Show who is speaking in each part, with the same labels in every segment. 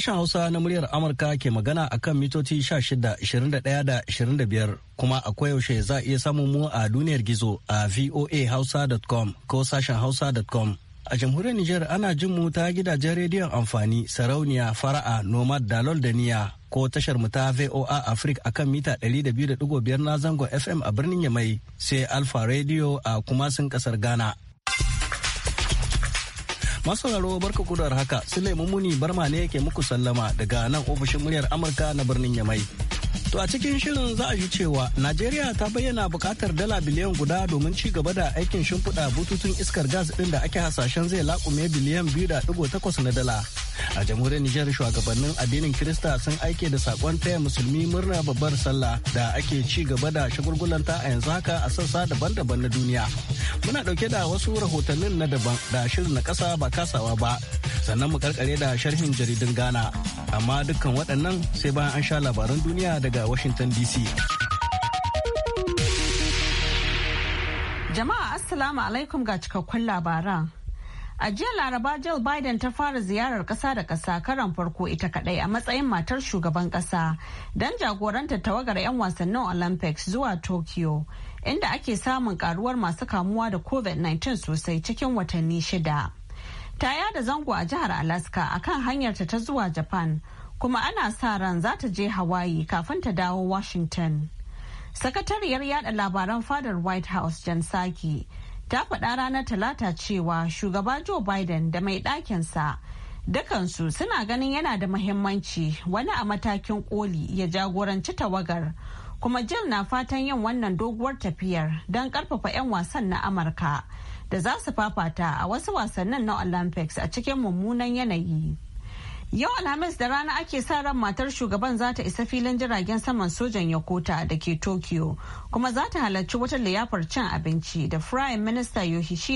Speaker 1: Sashen Hausa na muryar Amurka ke magana a kan mitoci 16, 21 25 kuma a koyaushe za a iya samun mu a duniyar gizo a voahausa.com ko sashen hausa.com. A jamhuriyar Nijar ana jin mu ta gidajen rediyon amfani sarauniya fara'a nomad dalol da niya ko tashar mu ta VOA Africa akan mita 200.5 na zangon FM a birnin Yamai sai Alpha Radio a kumasin kasar Ghana. Masauraro barka kudar haka, Sulaiman Muni Barma ne yake muku sallama daga nan ofishin muryar Amurka na birnin Yamai. To a cikin shirin za a yi cewa Najeriya ta bayyana bukatar dala biliyan guda domin ci gaba da aikin shimfiɗa bututun iskar gas ɗin da ake hasashen zai lakume biliyan biyu da ɗigo takwas na dala. A jamhuriyar Nijar shugabannin addinin Kirista sun aike da saƙon taya musulmi murna babbar sallah da ake ci gaba da shagulgulanta a yanzu haka a sassa daban-daban na duniya. Muna ɗauke da wasu rahotannin na daban da shirin na ƙasa ba kasawa ba sannan mu karkare da sharhin jaridun Ghana. Amma dukkan waɗannan sai bayan an sha labaran duniya daga Washington DC.
Speaker 2: Jama'a Assalamu alaikum ga cikakkun labaran. A jiya Laraba Jill Biden ta fara ziyarar ƙasa da ƙasa karan farko ita kaɗai a matsayin matar shugaban ƙasa don jagoranta tawagar 'yan wasannin Olympics zuwa Tokyo, inda ake samun karuwar masu kamuwa da COVID-19 sosai cikin watanni shida. ta yada zango a jihar alaska akan hanyarta ta zuwa japan kuma ana sa ran za ta je hawaii kafin ta dawo washington sakatariyar yada labaran fadar white house jan saki ta faɗa ranar talata cewa shugaba joe biden da mai ɗakinsa dukansu suna ganin yana da mahimmanci wani a matakin koli ya jagoranci tawagar kuma jill na fatan yin wannan doguwar tafiyar don karfafa 'yan wasan na amurka da za su fafata a wasu wasannin na olympics a cikin mummunan yanayi yau alhamis da rana ake sa ran matar shugaban za ta isa filin jiragen saman sojan yakota da ke tokyo kuma za ta halarci wata liyafar cin abinci da prime minister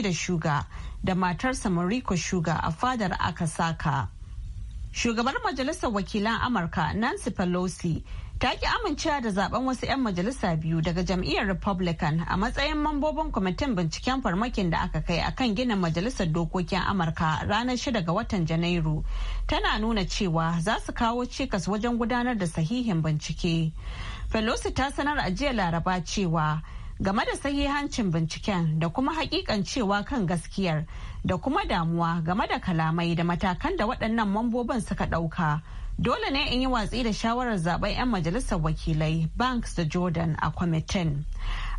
Speaker 2: da shuga da matarsa mariko shuga a fadar akasaka shugabar majalisar wakilan amurka nancy pelosi ta ki amincewa da zaben wasu 'yan majalisa biyu daga jam'iyyar republican a matsayin mambobin kwamitin binciken farmakin da aka kai akan ginin majalisar dokokin amurka ranar 6 ga watan janairu tana nuna cewa za su kawo cikas wajen gudanar da sahihin bincike pelosi ta sanar a jiya laraba cewa game da sahihancin binciken da kuma hakikan cewa kan gaskiyar da kuma damuwa game da kalamai da matakan da waɗannan mambobin suka ɗauka dole ne in yi watsi da shawarar zaɓen 'yan majalisar wakilai banks da jordan a kwamitin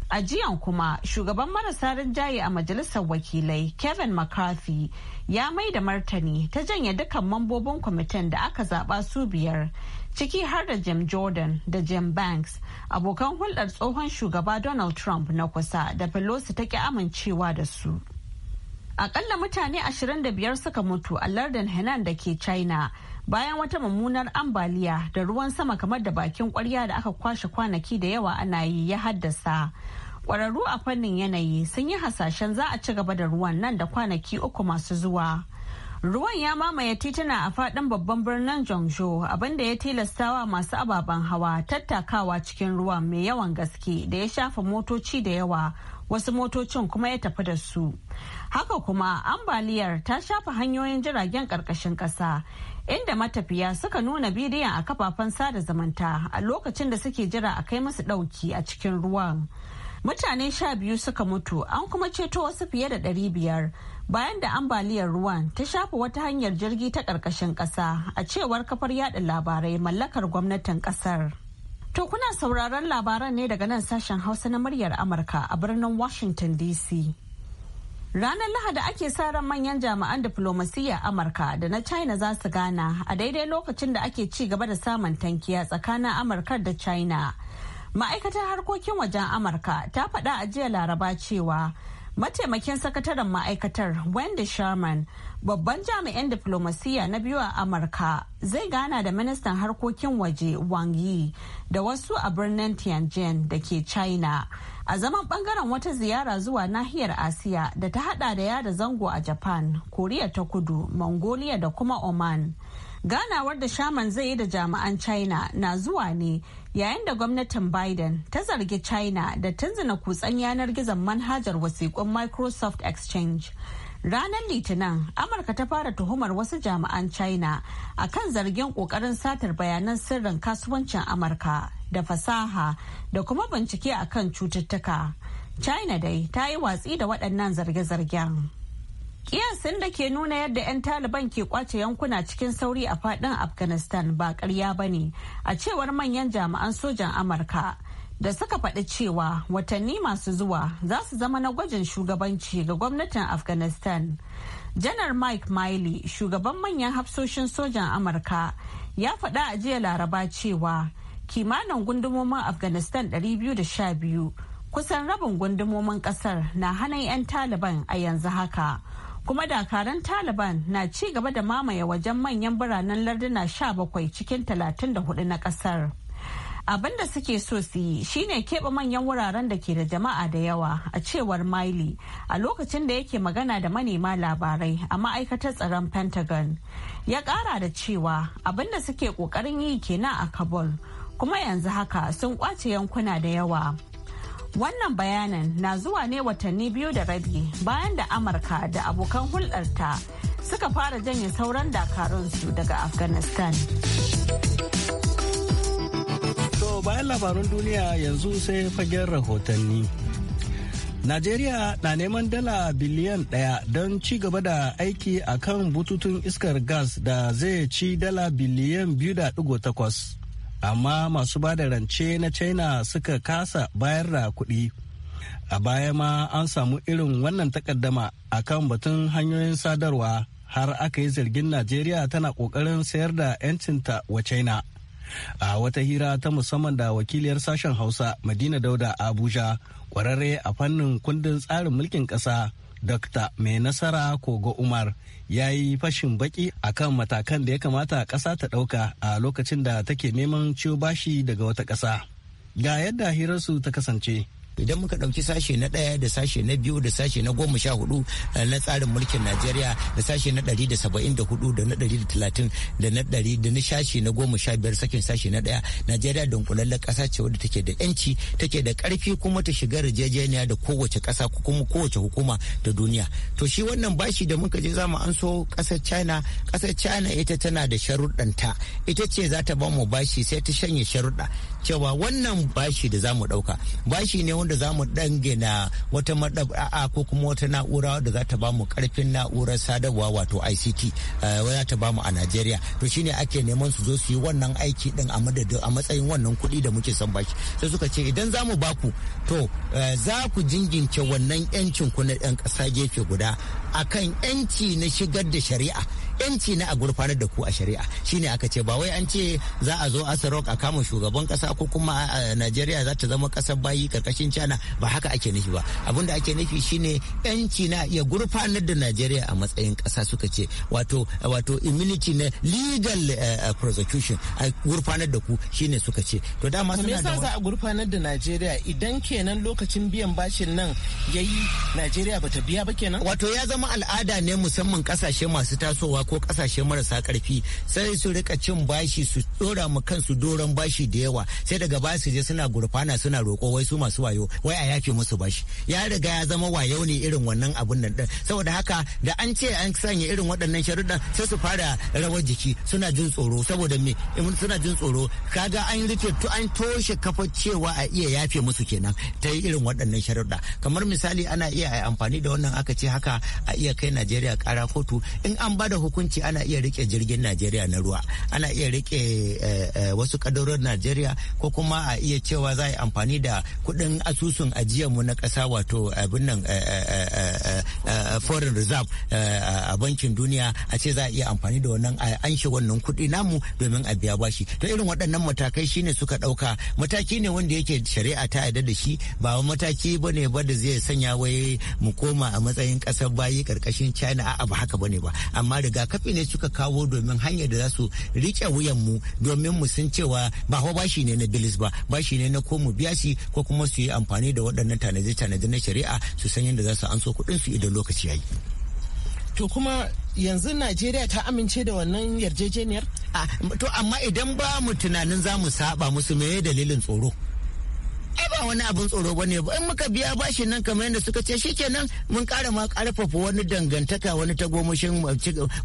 Speaker 2: a jiyan kuma shugaban marasa rinjaye a majalisar wakilai kevin mccarthy ya mai da martani ta janye dukkan mambobin kwamitin da aka zaba su biyar ciki har da Jim Jordan da Jim Banks abokan hulɗar tsohon shugaba Donald Trump na kusa da Pelosi ta ki amincewa da su. Akalla mutane 25 suka mutu a lardin Henan da ke China bayan wata mummunar ambaliya da ruwan sama kamar da bakin kwarya da aka kwashe kwanaki da yawa ana yi ya haddasa. Kwararru a fannin yanayi sun yi hasashen za a ci gaba da ruwan nan da kwanaki uku masu zuwa. Ruwan ya mamaye tituna a faɗin babban birnin Jongjo abinda ya tilastawa masu ababen hawa tattakawa cikin ruwa mai yawan gaske da ya shafa motoci da yawa wasu motocin kuma ya tafi da su. Haka kuma ambaliyar ta shafa hanyoyin jiragen ƙarƙashin ƙasa inda matafiya suka nuna bidiyon a kafafen sada zumunta a lokacin da suke jira a kai musu ɗauki a cikin ruwan. Mutane sha biyu suka mutu an kuma ceto wasu fiye da ɗari biyar. bayan da ambaliyar ruwan ta shafa wata hanyar jirgi ta ƙarƙashin ƙasa a cewar kafar yada labarai mallakar gwamnatin ƙasar. To kuna sauraron labaran ne daga nan sashen Hausa na muryar Amurka a birnin Washington DC. Ranar Lahadi ake sa ran manyan jami'an diflomasiyya Amurka da na China za su gana a daidai lokacin da ake ci gaba da samun tankiya tsakanin Amurka da China. Ma'aikatar harkokin wajen Amurka ta faɗa a jiya Laraba cewa mataimakin sakataren ma'aikatar wendy sherman babban jami'in diflomasiyya na biyu a amurka zai gana da ministan harkokin waje wang yi da wasu a birnin tianjin da ke china a zaman bangaren wata ziyara zuwa nahiyar asiya da ta hada da yada zango a japan koriya ta kudu mongolia da kuma oman ganawar da shaman zai yi da jami'an china na zuwa ne yayin da gwamnatin biden ta zargi china da tanzina kutsen yanar gizon manhajar wasiƙun microsoft exchange ranar litinin amurka ta fara tuhumar wasu jami'an china akan zargin ƙoƙarin satar bayanan sirrin kasuwancin amurka da fasaha da kuma bincike akan cututtuka china dai ta yi watsi da waɗannan zarge-zargen Kiyasin da ke nuna yadda 'yan Taliban ke kwace yankuna cikin sauri a fadin Afghanistan ba karya ba ne, a cewar manyan jami'an sojan Amurka. Da suka faɗi cewa watanni masu zuwa za su zama na gwajin shugabanci ga gwamnatin Afghanistan. Janar Mike Miley, shugaban manyan hafsoshin sojan Amurka, ya faɗa a jiya Laraba cewa kimanin gundumomin Afghanistan 212 kusan rabin gundumomin ƙasar na hannun 'yan Taliban a yanzu haka. kuma dakaran taliban na ci gaba da mamaye wajen manyan biranen larduna 17 cikin 34 na kasar abin da suke so su yi shine keɓe manyan wuraren da ke da jama'a da yawa a cewar miley a lokacin da yake magana da manema labarai a ma'aikatar tsaron pentagon ya ƙara da cewa abin da suke ƙoƙarin yi kenan a kabul kuma yanzu haka sun ƙwace yankuna da yawa Wannan bayanan na zuwa ne watanni biyu da rabi bayan da Amurka da abokan hulɗarta suka fara janye sauran dakarun su daga Afghanistan.
Speaker 1: To bayan labarun duniya yanzu sai fagen rahotanni. Najeriya na neman dala biliyan ɗaya don ci gaba da aiki a kan bututun iskar gas da zai ci dala biliyan biyu da ɗigo takwas. amma masu ba da rance na china suka kasa bayar da kuɗi a baya ma an samu irin wannan takaddama a kan batun hanyoyin sadarwa har aka yi zargin najeriya tana ƙoƙarin sayar da 'yancinta wa china a wata hira ta musamman da wakiliyar sashen hausa madina dauda abuja kwararre a fannin kundin tsarin mulkin ƙasa Dr. Mai Nasara Kogo Umar ya yi fashin baki kan matakan da ya kamata ƙasa ta ɗauka a lokacin da take neman ciwo bashi daga wata
Speaker 3: ƙasa. Ga yadda hirarsu ta kasance idan muka ɗauki sashe na ɗaya da sashe na biyu da sashe na goma sha hudu eh, na tsarin mulkin najeriya da sashe na ɗari da saba'in da hudu da na ɗari da talatin da na ɗari da na sashe na goma sha biyar sakin sashe na ɗaya najeriya kulallar ƙasa ce wadda take da yanci take da ƙarfi kuma ta shiga yarjejeniya da kowace ƙasa kuma kowace hukuma da duniya to shi wannan bashi da muka je zamu an so ƙasar china ƙasar china ita tana da sharuɗanta ita ce za ta ba mu bashi sai ta shanye sharuɗa cewa wannan bashi da za mu ɗauka bashi ne wanda za mu dangina wata madaba'a ko kuma wata na'ura da za ta bamu karfin na'urar sadarwa wato ICT eh, za ta bamu a Najeriya to shine ake neman su zo su yi wannan aiki din a matsayin wannan kuɗi da muke son bashi sai suka ce idan za mu baku to eh, za ku jingince wannan yancin ku na ɗan ƙasa gefe guda akan yanci na shigar da shari'a yanci na a gurfanar da ku a shari'a shine aka ce ba wai an ce za a zo asarok a kama shugaban kasa ko kuma a najeriya za ta zama kasar bayi karkashin china ba haka ake nufi ba abinda ake nufi shine yanci na ya gurfanar da najeriya a matsayin kasa suka ce wato wato immunity na legal eh, eh, prosecution a gurfanar da ku shine suka ce to dama suna da za a gurfanar da najeriya idan kenan lokacin biyan bashin nan yayi najeriya bata biya ba kenan wato ya zama kuma al'ada ne musamman kasashe masu tasowa ko kasashe marasa karfi sai su rika cin bashi su dora mu kansu doron bashi da yawa sai daga ba su je suna gurfana suna roƙo wai su masu wayo wai a yafe musu bashi ya riga ya zama wayo ne irin wannan abun nan din saboda haka da an ce an sanya irin waɗannan sharuɗan sai su fara rawar jiki suna jin tsoro saboda me suna jin tsoro kaga an rike to an toshe kafar cewa a iya yafe musu kenan ta yi irin waɗannan sharuɗa kamar misali ana iya amfani da wannan aka ce haka a iya kai najeriya kara kotu in an ba da hukunci ana iya rike jirgin najeriya na ruwa ana iya rike eh, eh, wasu kadarorin najeriya ko kuma a iya cewa za a yi amfani da kuɗin asusun mu na ƙasa wato abin nan eh, foreign reserve a bankin duniya a ce za a iya amfani da wannan an shi wannan kuɗi namu domin a biya bashi to irin waɗannan matakai shine suka ɗauka mataki ne wanda yake shari'a ta yarda da shi ba mataki bane ba da zai sanya wai mu koma a matsayin ƙasar bayi karkashin china a ba haka bane ba amma rigakafi ne suka kawo domin hanyar da za su rike wuyan mu domin mu sun cewa ba fa bashi ne na bilis ba bashi ne na ko mu biya shi ko kuma su yi amfani da waɗannan tanaje-tanaje na shari'a su san yadda za su anso kuɗin su idan lokaci ya yi. to kuma yanzu Najeriya ta amince da wannan yarjejeniyar? To amma idan ba mu tunanin za mu saba musu meye dalilin tsoro. ai ba wani abin tsoro ba ne ba in muka biya bashi nan kamar yadda suka ce shikenan mun kara ma karfafa wani dangantaka wani tagomashin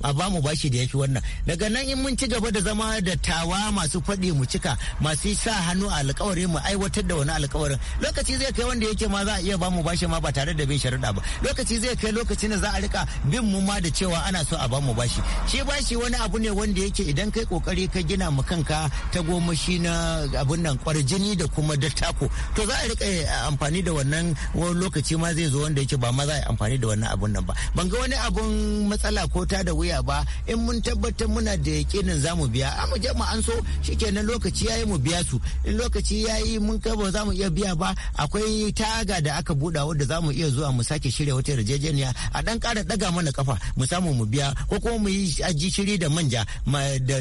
Speaker 3: a ba mu bashi da yafi wannan daga nan in mun ci gaba da zama da tawa masu faɗi mu cika masu sa hannu a alkawari mu aiwatar da wani alkawarin lokaci zai kai wanda yake ma za a iya ba mu bashi ma ba tare da bin sharuɗa ba lokaci zai kai lokacin da za a rika bin mu ma da cewa ana so a ba mu bashi shi bashi wani abu ne wanda yake idan kai kokari ka gina mu kanka tagomashi na abun nan kwarjini da kuma dattako to za a rika eh, amfani da wannan wani lokaci ma zai zo wanda yake ba ma za a amfani da wannan abun nan ba ban ga wani abun matsala ko ta da wuya ba in mun tabbatar muna da yakinin za mu biya amma jama'a an so shikenan lokaci yayi mu biya su in lokaci yayi mun kai ba za mu iya biya ba akwai taga da aka buɗa wanda za mu iya zuwa mu sake shirya wata yarjejeniya a dan kara daga mana kafa mu samu mu biya ko kuma mu yi aji shiri da manja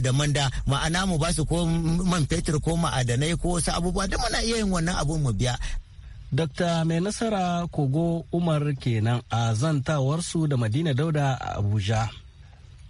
Speaker 3: da manda ma'ana mu ba su ko man fetur ko ma'adanai ko wasu abubuwa da muna iya yin wannan abu abin mu biya Dokta mai nasara kogo Umar
Speaker 1: kenan a zantawarsu da Madina Dauda a Abuja.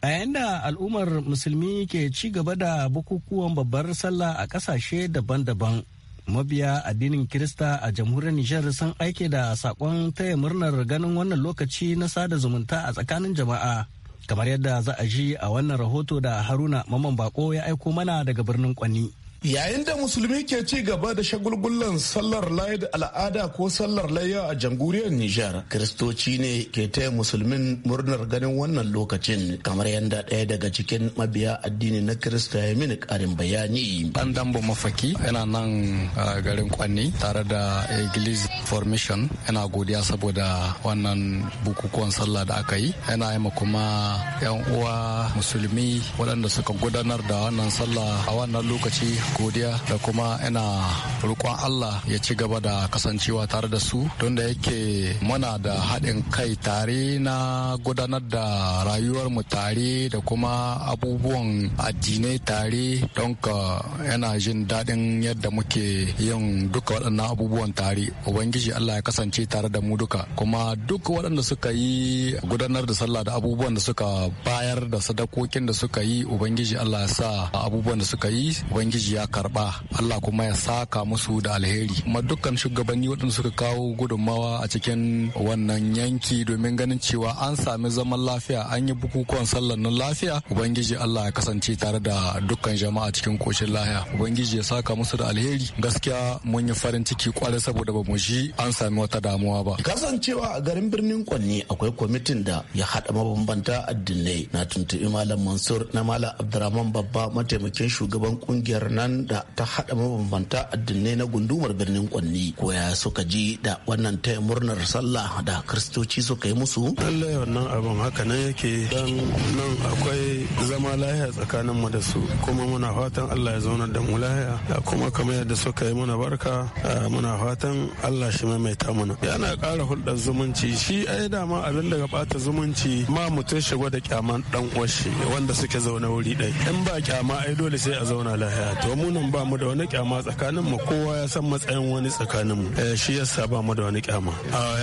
Speaker 1: A yayin al'ummar musulmi ke ci gaba da bukukuwan babbar sallah a ƙasashe daban-daban, mabiya addinin Kirista a jamhuriyar Nijar sun aike da saƙon taya murnar ganin wannan lokaci na sada zumunta a tsakanin jama'a. Kamar yadda za a ji a wannan rahoto da Haruna Maman Bako ya aiko mana daga birnin Kwani. Yayin da musulmi ke
Speaker 4: ci gaba da shagulgullan sallar laid al'ada ko sallar layya a jamhuriyar Nijar, kiristoci ne ke taya musulmin murnar ganin wannan lokacin kamar yadda ɗaya daga
Speaker 5: cikin mabiya addini na Kirista ya mini ƙarin bayani. Ɗan dambo mafaki yana nan garin Kwanni tare da Iglis Formation yana godiya saboda wannan bukukuwan sallah da aka yi. Yana yi kuma 'yan uwa musulmi waɗanda suka gudanar da wannan sallah a wannan lokaci godiya da kuma ina roƙon Allah ya ci gaba da kasancewa tare da su don da yake muna da haɗin kai tare na gudanar da rayuwar mu tare da kuma abubuwan addinai tare don ka yana jin daɗin yadda muke yin duka waɗannan abubuwan tare ubangiji Allah ya kasance tare da mu duka kuma duk waɗanda suka yi gudanar da sallah da abubuwan da suka bayar da sadakokin da suka yi ubangiji Allah ya sa abubuwan da suka yi ubangiji ya karba Allah kuma ya saka musu da alheri kuma dukkan shugabanni waɗanda suka kawo gudummawa a cikin wannan yanki domin ganin cewa an sami zaman lafiya an yi bukukuwan sallar nan lafiya ubangiji Allah ya kasance tare da dukkan jama'a cikin koshin lafiya ubangiji ya saka musu da alheri gaskiya mun yi farin ciki kwarai saboda ba mu ji an sami wata damuwa ba
Speaker 4: kasancewa a garin birnin Kwanni akwai kwamitin da ya haɗa mabambanta addinai na tuntuɓi malam Mansur na malam Abdurrahman babba mataimakin shugaban kungiyar nan nan da ta haɗa mabambanta addinai na gundumar birnin kwanni ko ya suka ji da wannan taya murnar sallah da kristoci suka yi musu lallai wannan abin haka nan yake dan nan akwai zama lahiya tsakanin mu da su kuma muna fatan Allah ya zauna da mu lahiya kuma kamar yadda suka yi muna barka muna fatan Allah shi maimaita mana yana ƙara hulɗar zumunci shi ai dama abin daga bata zumunci ma mutum shigo da kyaman dan uwar shi wanda suke zaune wuri ɗaya in ba kyama ai dole sai a zauna lahiya to munin ba mu da wani kyama tsakanin mu kowa ya san matsayin wani tsakanin mu eh, shi yasa ba mu da wani kyama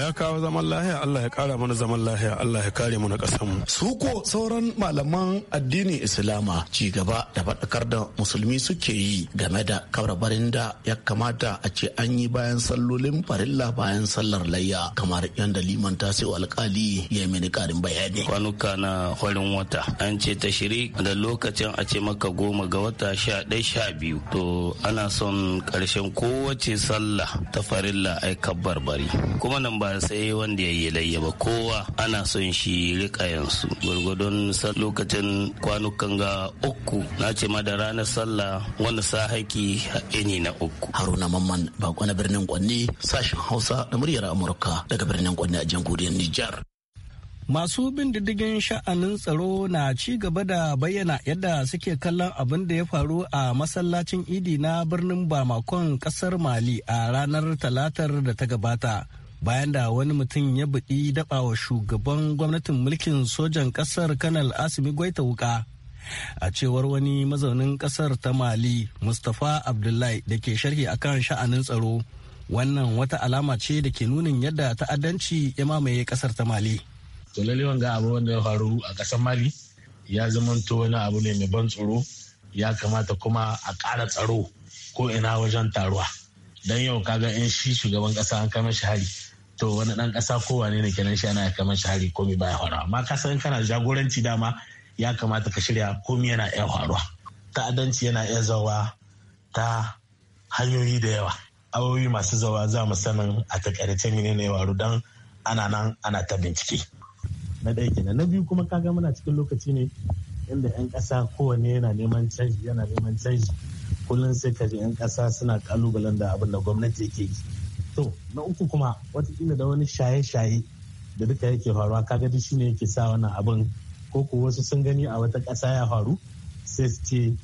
Speaker 4: ya kawo zaman lahiya Allah ya kara mana zaman lahiya Allah ya kare mu na kasan mu su ko sauran malaman addinin islama ci gaba da faɗakar da musulmi suke yi game da kabarbarin da ya kamata a ce an yi bayan sallolin farilla bayan sallar layya kamar yadda liman sai alkali ya yi mini karin bayani kwanuka na farin wata an ce ta shiri da lokacin a ce maka goma ga wata sha ɗaya sha biyu biyu to ana son karshen kowace sallah ta farilla ai kabbar bari kuma nan ba sai wanda ya yi layya ba kowa ana son shi riƙayensu gwargwadon lokacin kwanukan ga uku na ce ma da ranar sallah wani sahaki ini na uku haruna mamman bako na birnin kwanne sashen hausa da muryar amurka daga birnin kwanne a jamhuriyar nijar
Speaker 1: Masu bin diddigin sha'anin tsaro na ci gaba da bayyana yadda suke kallon abin da ya faru a masallacin idi na birnin Bamakon kasar Mali a ranar talatar da ta gabata. Bayan da wani mutum ya buɗi daɓawa shugaban gwamnatin mulkin sojan ƙasar Kanal Asimi Gwaita wuka. A cewar wani mazaunin ƙasar ta Mali, Mustapha Abdullahi da ke sharhi akan sha'anin tsaro, wannan wata alama ce da ke nunin yadda ta'addanci ya mamaye ƙasar ta Mali. to lalewan ga abu wanda ya faru a kasar mali ya zama wani
Speaker 6: abu ne mai ban tsoro ya kamata kuma a ƙara tsaro ko ina wajen taruwa don yau kaga in shi shugaban ƙasa an kama shi hari to wani ɗan ƙasa wane ne kenan shi ana kama shi hari komai baya faruwa amma ka san kana jagoranci dama ya kamata ka shirya komi yana iya faruwa ta'addanci yana iya zawa ta hanyoyi da yawa awowi masu zawa za mu sanin a takaice menene ya waru don ana nan ana ta bincike na ɗaya kenan na biyu kuma kaga muna cikin lokaci ne inda 'yan ƙasa kowanne yana neman canji yana neman canji kullum sai ka ji 'yan ƙasa suna kalubalen da abin da gwamnati yake yi to na uku kuma wataƙila da wani shaye-shaye da duka yake faruwa kaga duk shine yake sa wannan abin ko ko wasu sun gani a wata kasa ya faru sai su ce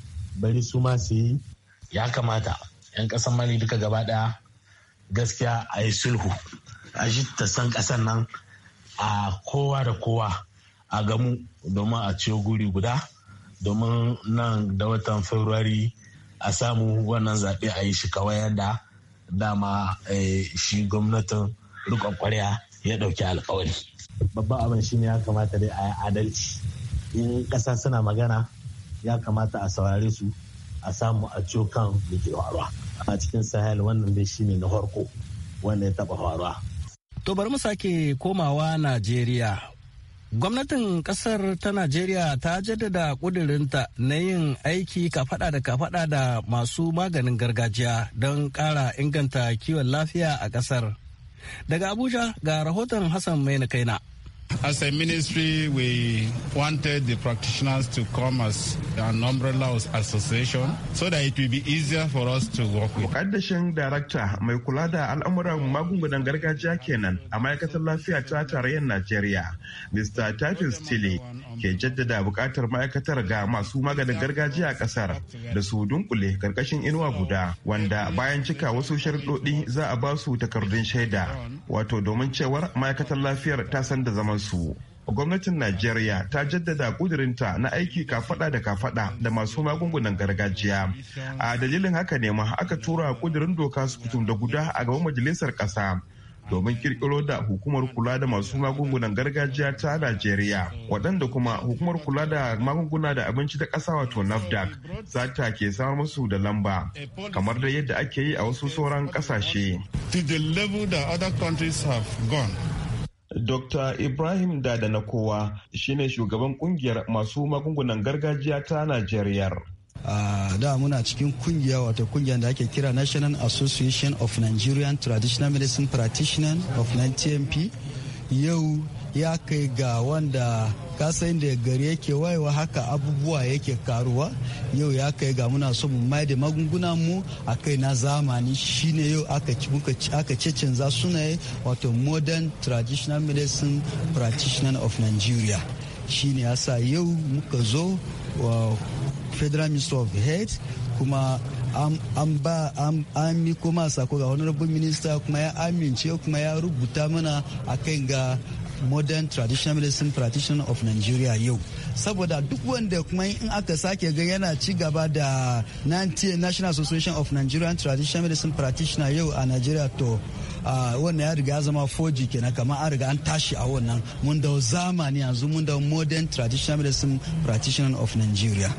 Speaker 6: bari su ma su yi ya kamata 'yan ƙasan mali duka gaba ɗaya gaskiya a yi sulhu a ji ta san ƙasan nan a kowa da kowa a gamu domin a ciyo guri guda domin nan da watan fabrairu a samu wannan zaɓe a yi shi kawai yadda dama eh, shi gwamnatin rikon kwarya ya ɗauki alkawari. babban abin shi ne ya kamata dai a yi adalci in ƙasa suna magana ya kamata a saurare su a samu a ciyo kan da ke faruwa a cikin sahel wannan dai shi ne na farko wanda ya taɓa faruwa
Speaker 1: To bari mu sake komawa Najeriya. Gwamnatin kasar ta Najeriya ta jaddada ƙudurinta na yin aiki kafaɗa da kafaɗa da masu maganin gargajiya don ƙara inganta kiwon lafiya a kasar Daga Abuja ga rahoton Hassan Maina
Speaker 7: Kaina. As a ministry, we wanted the practitioners to come as an umbrella association so that it will be easier for us to work with. Mukaddashin darakta mai kula da al'amuran magungunan gargajiya kenan a ma'aikatar lafiya ta tarayyar Najeriya, Mr. Tafis Stili ke jaddada bukatar ma'aikatar ga masu maganin gargajiya a kasar da su dunkule karkashin inuwa guda wanda bayan cika wasu sharuɗoɗi za a ba su takardun shaida wato domin cewar ma'aikatar lafiyar ta san da zaman su. Gwamnatin Najeriya ta jaddada kudurinta na aiki kafada da kafada da masu magungunan gargajiya. A dalilin haka ne ma aka tura kudurin doka su kutum da guda a gaban majalisar ƙasa. domin kirkiro da hukumar kula da masu magungunan gargajiya ta Najeriya waɗanda kuma hukumar kula da magunguna da abinci da ƙasa wato NAFDAC za ta ke samar musu da lamba kamar da yadda ake yi a wasu sauran ƙasashe. To the level that other countries have gone. Dr. Ibrahim Dada na kowa shine shugaban kungiyar masu magungunan gargajiya ta Najeriya.
Speaker 8: da muna cikin kungiya wata kungiyar da ake kira National Association of Nigerian Traditional Medicine Practitioners of NTMP yau ya kai ga wanda ka san da gari yake wayewa haka abubuwa yake karuwa yau ya kai ga muna so mu mai da magungunan mu a kai na zamani shine yau aka muka aka cecenza sunaye wato modern traditional medicine practitioner of nigeria shine yasa yau muka zo wa federal minister of health kuma an ba an mi kuma sako ga honorable minister kuma ya amince kuma ya rubuta mana akan ga modern traditional medicine practitioner of nigeria yau saboda duk wanda kuma in aka sake ga yana ci gaba da national association of nigerian traditional medicine practitioner yau a nigeria to wannan ya riga zama foji kenan kamar an riga an tashi a wannan mun da zamani yanzu mun da modern traditional medicine practitioner of nigeria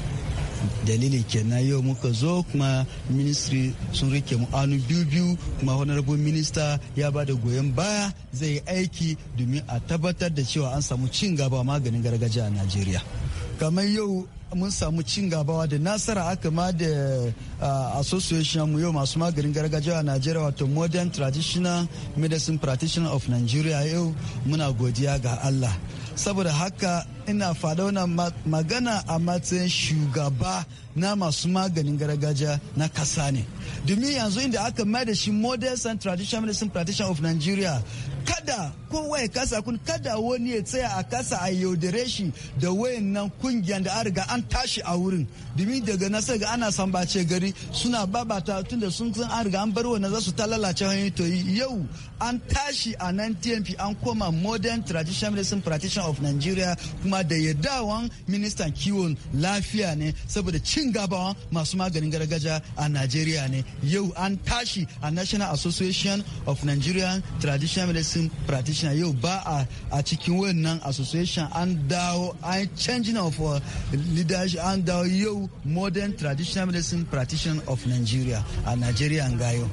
Speaker 8: dalili kenan yau muka zo kuma ministry sun rike mu anu biyu biyu kuma honorable minister ya ba da goyon baya zai yi aiki domin a tabbatar da cewa an samu cin gaba maganin gargajiya a najeriya kamar yau mun samu cin gabawa da nasara aka ma da association mu yau masu maganin gargajiya a Najeriya wato Modern Traditional Medicine Practitioner of Nigeria yau muna godiya ga Allah. Saboda haka ina faɗa wannan magana a matsayin shugaba na masu maganin gargajiya na kasa ne. Domin yanzu inda aka mai da shi Modern and Traditional Medicine Practitioner of Nigeria kada kowa ya kasa kun kada wani ya tsaya a kasa a yaudare shi da wayannan kungiyan da an riga an tashi a wurin domin daga na ga ana sambace gari suna babata tun da sun san an riga an bar wannan za su ta lalace hanyoyi to yau an tashi a nan tmp an koma modern traditional medicine practitioner of nigeria kuma da yardawan ministan kiwon lafiya ne saboda cin gabawa masu maganin gargajiya a nigeria ne yau an tashi a national association of nigerian traditional medicine practitioner yau ba a cikin wannan association an dawo an changing of uh, leadership andao the modern traditional medicine practitioner of Nigeria a Nigeria Gayo.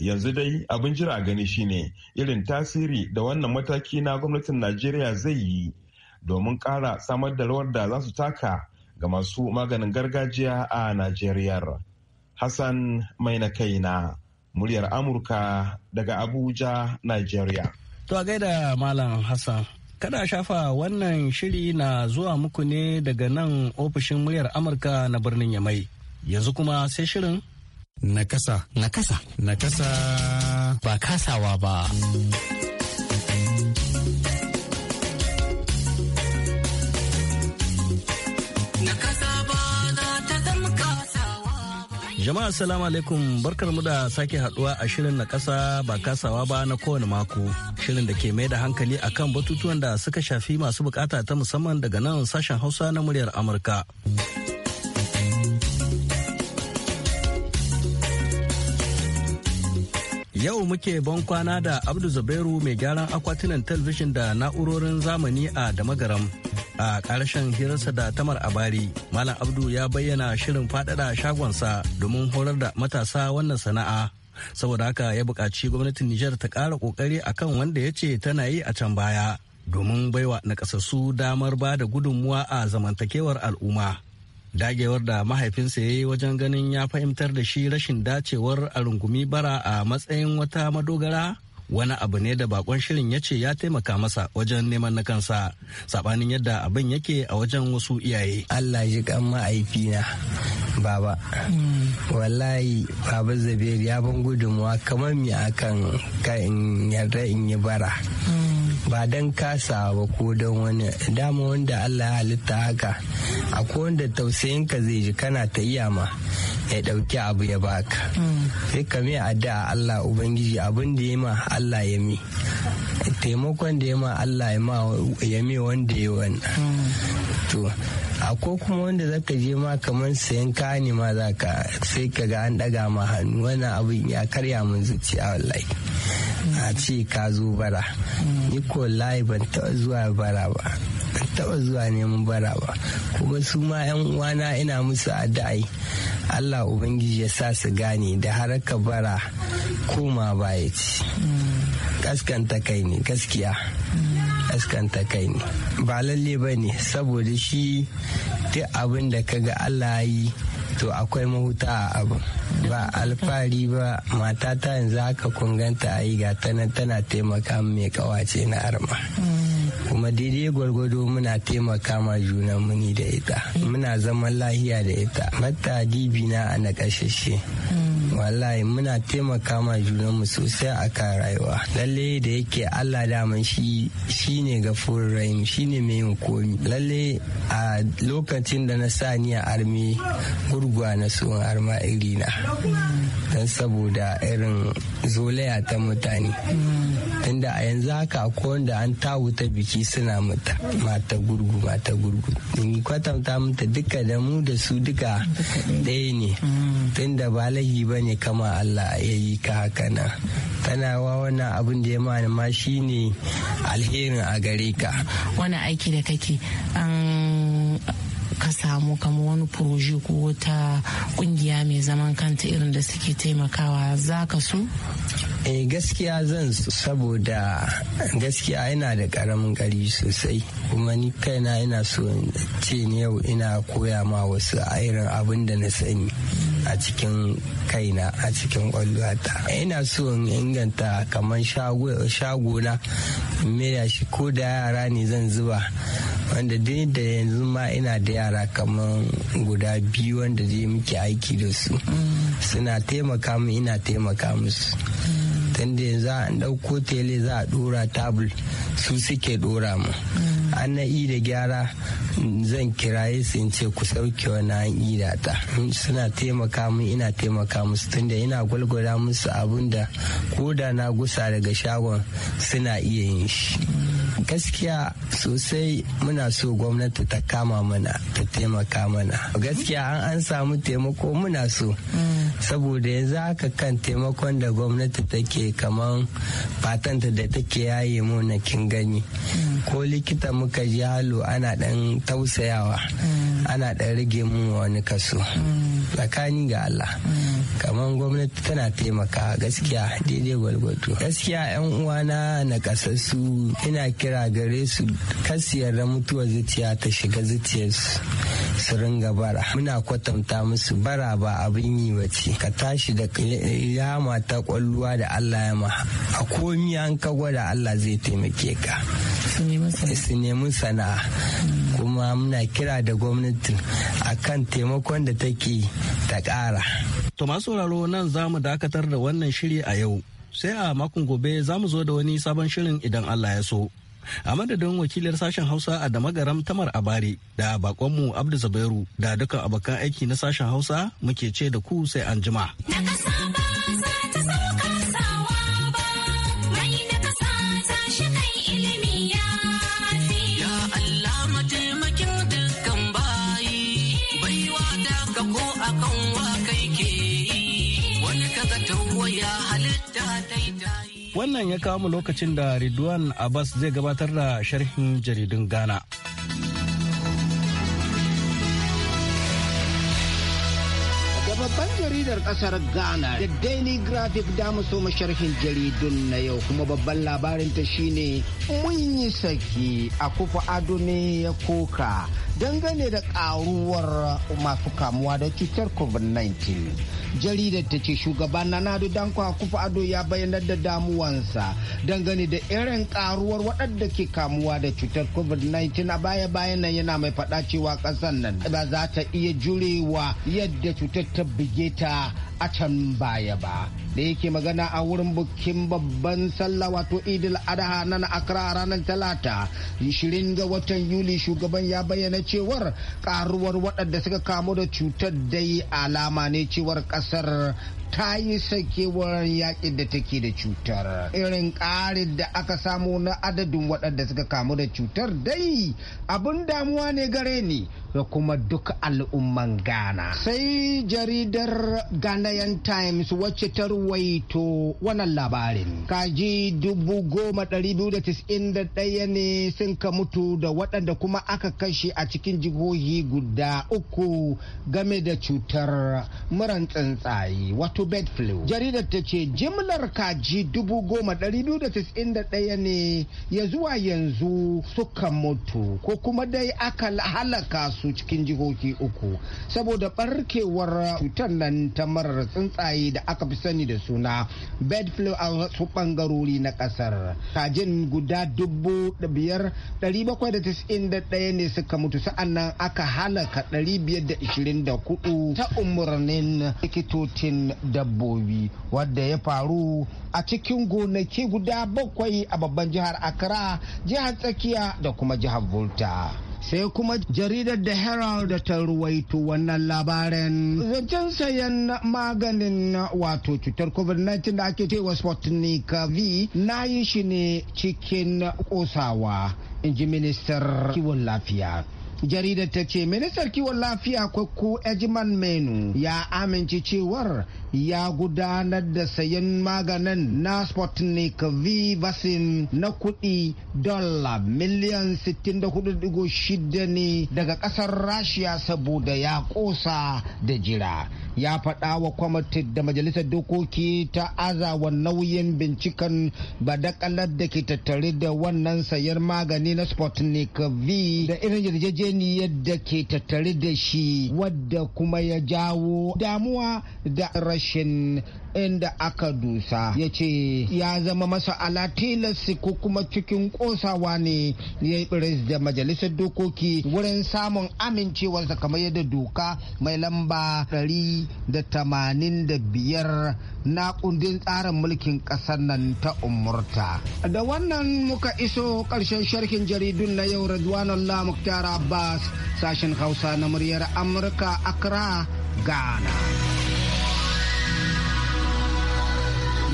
Speaker 7: Yanzu dai abin jira gani shine irin tasiri da wannan mataki na gwamnatin Najeriya zai yi domin ƙara samar da rawar da za su taka ga masu maganin gargajiya a Najeriya. Hassan mai na kai na muryar Amurka daga Abuja, Najeriya.
Speaker 1: To a gaida Malam Hassan Kada shafa wannan shiri na zuwa muku ne daga nan ofishin muryar Amurka na birnin Yamai. Yanzu kuma sai shirin. Na Na kasa. kasa. Na kasa. Ba kasawa ba. Jama'a salamu alaikum barkar mu da sake haduwa a shirin na kasa ba kasawa ba na kowane mako. Shirin da ke mai da hankali akan batutuwan da suka shafi masu bukata ta musamman daga nan sashen Hausa na muryar Amurka. Yau muke ban kwana da Abdu Zubairu mai gyaran akwatunan talabijin da na'urorin zamani a Damagaram. a ƙarshen hirarsa da tamar abari malam abdu ya bayyana shirin faɗaɗa shagonsa domin horar da matasa wannan sana'a saboda haka ya buƙaci gwamnatin nijar ta ƙara ƙoƙari akan wanda ya ce tana yi a can baya domin baiwa nakasassu damar ba da gudunmuwa a zamantakewar al'umma dagewar da mahaifinsa ya yi wajen ganin ya fahimtar da shi rashin dacewar a rungumi bara a matsayin wata madogara wani abu ne da bakon shirin ya ce ya taimaka masa wajen neman na kansa sabanin yadda abin yake a wajen wasu iyaye Allah ji kan
Speaker 9: ma'aifina baba hmm. wallahi baba zabir ya ban gudunmuwa kamar mi akan kan in yarda in yi bara hmm. ba don kasa ba ko don wani dama wanda Allah ya halitta haka akwai wanda tausayin ka zai ji kana ta iya ma ya ɗauki abu ya baka sai ka mai addu'a Allah ubangiji abin da ya ma Allah ya mi taimakon da ya ma Allah ya mi wanda ya wannan to akwai kuma wanda zaka je ma kamar sayan kani ma zaka sai ka ga an daga ma hannu wannan abin ya karya mun zuciya wallahi a ce ka zo bara ni ko layi ban taɓa zuwa bara ba taba zuwa neman bara ba kuma su ma 'yan uwana ina musu addu'a allah ubangiji ya sa su gane da haraka bara koma baya ci kaskanta kai ne gaskiya kaskanta kai ne ba lalle ba ne saboda shi duk abin da kaga allah yi to akwai mahuta a abin ba alfahari ba matata yanzu haka kunganta a yi ga tana taimaka mai kawace na arma. kuma daidai gwargwado muna taimaka ma juna muni da ita muna zama lahiya da ita mata dibi na a nakashashe wallahi muna taimaka ma mu sosai a kan rayuwa lalle da yake allah daman shi shine gafurin rahim ne mai yin komi lalle a lokacin da na sa ni a armi gurguwa na son arma irina don saboda irin zolaya ta mutane tunda a yanzu haka akwai wanda an tawo ta biki suna mata mata gurgu mata gurgu in kwatanta mata duka da mu da su duka ɗaya ne tunda ba lahi ba ne kama Allah ya yi ka haka na tana wa wannan abin da ya ma ma shine alherin a gare ka
Speaker 2: wani aiki da kake an ka samu kamar wani proje ko wata kungiya mai zaman kanta irin da suke taimakawa za ka so
Speaker 9: eh gaskiya zan so saboda gaskiya yana da karamin kari sosai kuma ni kaina yana so ce ni yau ina koya ma wasu irin abin da na sani a cikin kaina a cikin kwallata ina so in inganta kamar shagona mera shi ko da yara ne zan zuba wanda dai da yanzu ma ina da yara kamar guda biyu wanda zai muke aiki da su mm. suna taimaka mu ina taimaka musu tunda za a ɗauko tele za a ɗora tabul su suke ɗora mu an na da gyara zan kiraye su in ce ku sauke wani an da ta suna taimaka mu ina taimaka musu tunda ina gwalgwada musu abun da ko da na gusa daga shagon suna iya yin shi. gaskiya sosai muna so gwamnati ta kama mana ta taimaka mana gaskiya an an samu taimako muna so saboda yanzu haka kan taimakon da gwamnati take kaman patanta da take yaye muna kin gani ko likita muka ji halo ana dan tausayawa ana dan rage mu wani kaso tsakani ga Allah kamar gwamnati tana taimaka gaskiya daidai gwalgwato gaskiya yan uwana na kasassu ina kira kira gare su kasiyar da mutuwar zuciya ta shiga zuciyarsu su ringa bara muna kwatanta musu bara ba abin yi wace ka tashi da yama ta kwalluwa da allah ya ma a komi an ka gwada allah zai taimake ka su nemi sana'a kuma muna kira da gwamnati a kan taimakon da take ta ƙara. to masu nan za mu dakatar da wannan
Speaker 1: shiri a yau sai a makon gobe za mu zo da wani sabon shirin idan allah ya so a madadin wakilar sashen hausa a damagaram tamar abari da bakonmu abdu zubairu da dukkan abokan aiki na sashen hausa muke ce da ku sai anjima. jima. nan ya kawo mu lokacin da Ridwan Abbas zai gabatar da sharhin jaridun Ghana.
Speaker 10: jaridar kasar ghana da daily graphic da so sharhin jaridun na yau kuma babban labarin ta shine mun yi saki a kufa ado ne ya koka dangane da karuwar masu kamuwa da cutar covid-19 jaridar ta ce shugaba na nadu danko kufa ado ya bayyana da damuwansa dangane da irin karuwar waɗanda ke kamuwa da cutar covid-19 a baya bayan nan yana mai faɗa cewa ƙasar nan ba za ta iya jurewa yadda cutar ta bige ta faɗa a can baya ba da yake magana a wurin bukin babban sallah wato idil adha nan akra a ranar talata 20 ga watan yuli shugaban ya bayyana cewar karuwar waɗanda suka kamu da cutar dai alama ne cewar ƙasar ta yi sakewar yaƙin da take da cutar irin ƙarin da aka samu na adadin waɗanda suka kamu da cutar dai abin damuwa ne gare ni da kuma duk al'umman ghana sai jaridar ghanaian times wacce ta ruwaito wannan labarin kaji dubu goma ɗari biyu da tis'in da ɗaya ne sun ka mutu da waɗanda kuma aka kashe a cikin jihohi guda uku game da cutar muran tsuntsaye wato bed flu jaridar ta ce jimlar kaji dubu goma ɗari biyu da tis'in da ɗaya ne ya zuwa yanzu suka mutu ko kuma dai aka halaka su su cikin jihohi uku saboda barkewar cutar nan ta marar tsuntsaye da aka fi sani da suna bed flu a wasu bangarori na kasar kajin guda dubu biyar dari bakwai da tis'in da ɗaya ne suka mutu sa'annan nan aka halaka dari biyar da ishirin da kudu ta umarnin likitocin dabbobi wadda ya faru a cikin gonaki guda bakwai a babban jihar accra jihar tsakiya da kuma jihar volta sai kuma jaridar da herald ta ruwaito wannan labarin zancen sayan maganin wato cutar covid-19 da ake cewa sputnik v na yi shi ne cikin kosawa in ji ministar kiwon lafiya jaridar ta ce ministar kiwon lafiya kwakko ejiman menu ya amince cewar ya gudanar da sayan maganin na sputnik v vaccine na kudi dola miliyan 64.6 ne daga kasar rashiya saboda ya ƙosa da jira ya faɗa wa kwamitin da majalisar dokoki ta azawa nauyin bincikan badakalar da ke tattare da wannan sayar magani na sputnik v da irin yarjejeniyar da ke tattare da shi wadda kuma ya jawo damuwa da rashin inda aka dusa ya ce ya zama masa alatilas ko kuma cikin kosawa ne ya yi da majalisar dokoki wurin samun amincewarsa kamar yadda doka mai lamba Da da tamanin biyar na kundin tsarin mulkin ƙasar nan ta umurta. Da wannan muka iso ƙarshen sharhin jaridun na yau Allah Muktar Abbas sashen Hausa na muryar Amurka Accra, Ghana.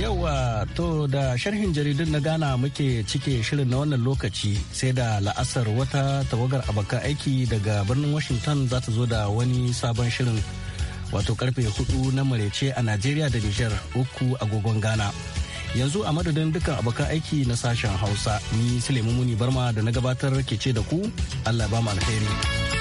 Speaker 1: Yauwa to da sharhin jaridun na Ghana muke cike shirin na wannan lokaci sai da la'asar wata tawagar abokan aiki daga birnin Washington za ta zo da wani sabon shirin wato karfe hudu na marece a Najeriya da Nijar uku agogon Ghana. Yanzu a madadin dukkan abokan aiki na sashen Hausa ni Suleiman Muni Barma da na gabatar ke ce da ku Allah ba mu alheri.